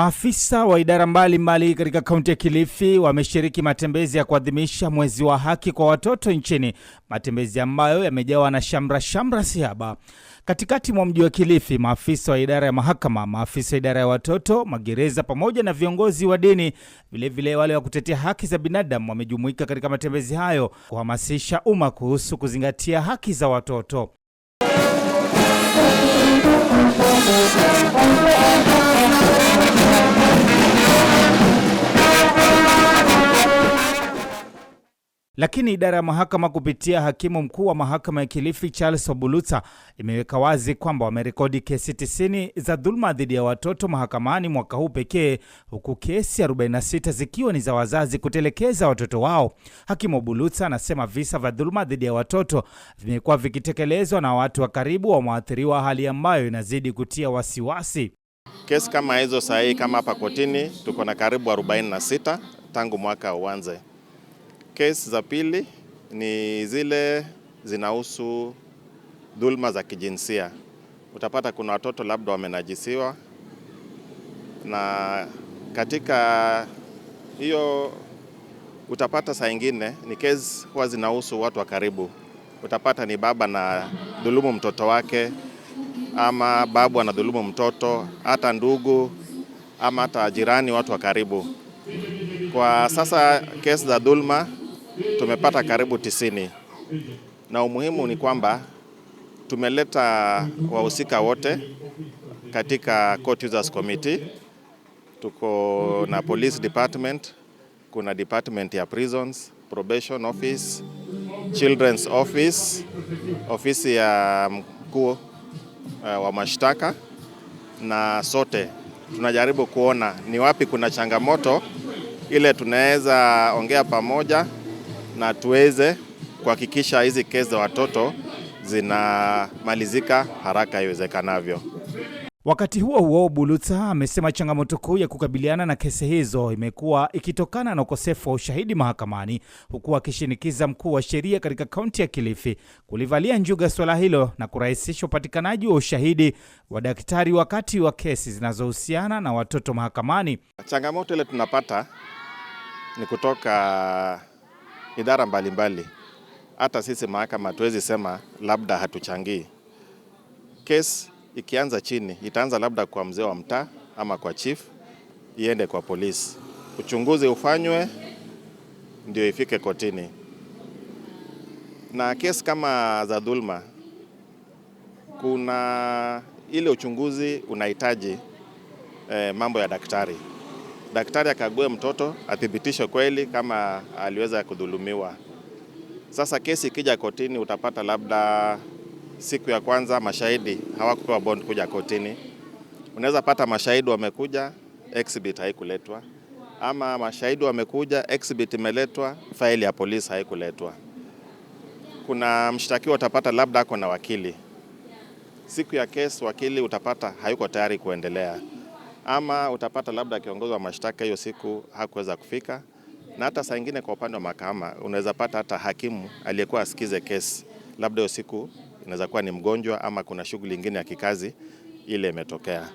Maafisa wa idara mbalimbali katika kaunti ya Kilifi wameshiriki matembezi ya kuadhimisha mwezi wa haki kwa watoto nchini, matembezi ambayo yamejawa na shamra shamra siaba Katikati mwa mji wa Kilifi, maafisa wa idara ya mahakama, maafisa wa idara ya watoto, magereza pamoja na viongozi wa dini, vilevile wale wa kutetea haki za binadamu wamejumuika katika matembezi hayo kuhamasisha umma kuhusu kuzingatia haki za watoto Lakini idara ya mahakama kupitia hakimu mkuu wa mahakama ya Kilifi Charles Obuluta imeweka wazi kwamba wamerekodi kesi 90 za dhuluma dhidi ya watoto mahakamani mwaka huu pekee, huku kesi 46 zikiwa ni za wazazi kutelekeza watoto wao. Hakimu Obuluta anasema visa vya dhuluma dhidi ya watoto vimekuwa vikitekelezwa na watu wa karibu wa mwathiriwa, hali ambayo inazidi kutia wasiwasi. Kesi kama hizo sahihi kama hapa kotini tuko na karibu 46 tangu mwaka uanze case za pili ni zile zinahusu dhulma za kijinsia. Utapata kuna watoto labda wamenajisiwa, na katika hiyo utapata saa ingine ni kesi huwa zinahusu watu wa karibu. Utapata ni baba na dhulumu mtoto wake, ama babu anadhulumu mtoto, hata ndugu ama hata jirani, watu wa karibu. Kwa sasa kesi za dhulma tumepata karibu tisini, na umuhimu ni kwamba tumeleta wahusika wote katika Court Users Committee. Tuko na police department, kuna department ya prisons, probation office, children's office, ofisi ya mkuu eh, wa mashtaka na sote tunajaribu kuona ni wapi kuna changamoto ile tunaweza ongea pamoja na tuweze kuhakikisha hizi kesi za watoto zinamalizika haraka iwezekanavyo. Wakati huo huo, bulutsa amesema changamoto kuu ya kukabiliana na kesi hizo imekuwa ikitokana na ukosefu wa ushahidi mahakamani, huku akishinikiza mkuu wa sheria katika kaunti ya Kilifi kulivalia njuga swala hilo na kurahisisha upatikanaji wa ushahidi wa daktari wakati wa kesi zinazohusiana na watoto mahakamani. Changamoto ile tunapata ni kutoka idara mbalimbali hata mbali. Sisi mahakama hatuwezi sema labda hatuchangii. Kesi ikianza chini itaanza labda kwa mzee wa mtaa ama kwa chief, iende kwa polisi, uchunguzi ufanywe ndio ifike kotini. Na kesi kama za dhulma, kuna ile uchunguzi unahitaji eh, mambo ya daktari daktari akague mtoto athibitishe kweli kama aliweza kudhulumiwa. Sasa kesi ikija kotini, utapata labda siku ya kwanza mashahidi hawakupewa bond kuja kotini. Unaweza pata mashahidi wamekuja, exhibit haikuletwa, ama mashahidi wamekuja, exhibit imeletwa, faili ya polisi haikuletwa. Kuna mshtakiwa utapata labda ako na wakili, siku ya kesi wakili utapata hayuko tayari kuendelea ama utapata labda kiongozi wa mashtaka hiyo siku hakuweza kufika, na hata saa ingine kwa upande wa mahakama unaweza pata hata hakimu aliyekuwa asikize kesi labda hiyo siku inaweza kuwa ni mgonjwa ama kuna shughuli nyingine ya kikazi ile imetokea.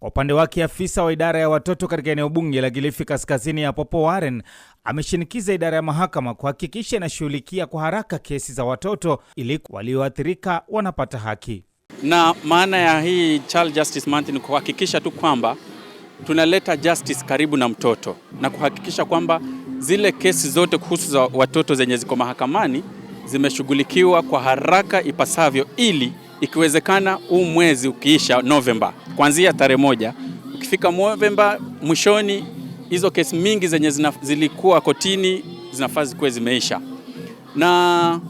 Kwa upande wake afisa wa idara ya watoto katika eneo bunge la gilifi Kaskazini ya Popo Warren ameshinikiza idara ya mahakama kuhakikisha inashughulikia kwa haraka kesi za watoto ili walioathirika wanapata haki. Na maana ya hii Child Justice Month ni kuhakikisha tu kwamba tunaleta justice karibu na mtoto na kuhakikisha kwamba zile kesi zote kuhusu za watoto zenye ziko mahakamani zimeshughulikiwa kwa haraka ipasavyo, ili ikiwezekana huu mwezi ukiisha Novemba, kuanzia tarehe moja, ukifika Novemba mwishoni, hizo kesi mingi zenye zilikuwa kotini zinafaa zikuwe zimeisha na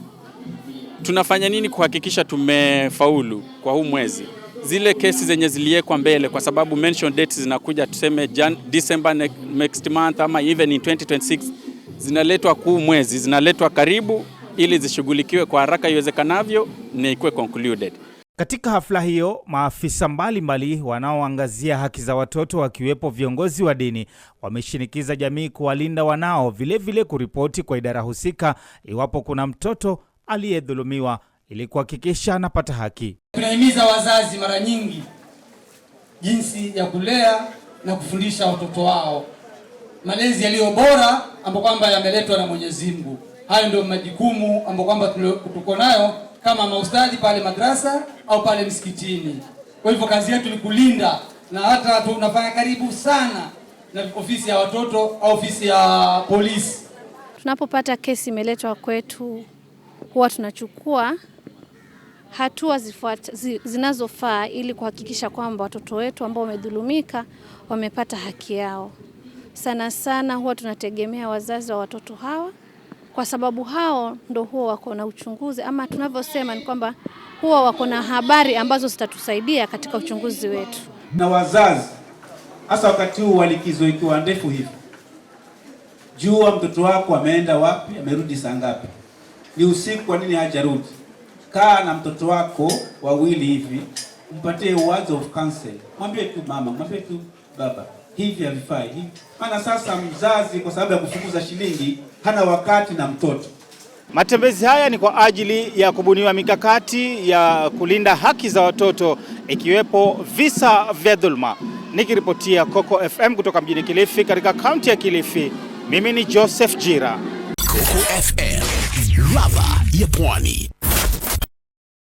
tunafanya nini kuhakikisha tumefaulu kwa huu mwezi? Zile kesi zenye ziliwekwa mbele, kwa sababu mention dates zinakuja, tuseme Jan, December next month ama even in 2026 zinaletwa kuu mwezi, zinaletwa karibu ili zishughulikiwe kwa haraka iwezekanavyo na ikuwe concluded. Katika hafla hiyo maafisa mbalimbali wanaoangazia haki za watoto wakiwepo viongozi wa dini wameshinikiza jamii kuwalinda wanao, vilevile vile kuripoti kwa idara husika iwapo kuna mtoto aliyedhulumiwa ili kuhakikisha anapata haki. Tunahimiza wazazi mara nyingi jinsi ya kulea na kufundisha watoto wao malezi yaliyo bora ambayo kwamba yameletwa na Mwenyezi Mungu. Hayo ndio majukumu ambayo kwamba tuko nayo kama maustadi pale madrasa au pale msikitini. Kwa hivyo kazi yetu ni kulinda, na hata tunafanya karibu sana na ofisi ya watoto au ofisi ya polisi tunapopata kesi imeletwa kwetu huwa tunachukua hatua zinazofaa ili kuhakikisha kwamba watoto wetu ambao wamedhulumika wamepata haki yao. Sana sana huwa tunategemea wazazi wa watoto hawa, kwa sababu hao ndo huwa wako na uchunguzi, ama tunavyosema ni kwamba huwa wako na habari ambazo zitatusaidia katika uchunguzi wetu. Na wazazi hasa wakati huu walikizoikiwa ikiwa ndefu hivi, jua mtoto wako ameenda wapi, amerudi saa ngapi ni usiku, kwa nini hajarudi? Kaa na mtoto wako wawili hivi, mpatie words of counsel, mwambie tu mama, mwambie tu baba, hivi havifai hivi. Maana sasa mzazi kwa sababu ya kufukuza shilingi hana wakati na mtoto. Matembezi haya ni kwa ajili ya kubuniwa mikakati ya kulinda haki za watoto ikiwepo visa vya dhulma. Nikiripotia Coco FM kutoka mjini Kilifi katika kaunti ya Kilifi, mimi ni Joseph Jira, Coco FM ladha ya pwani.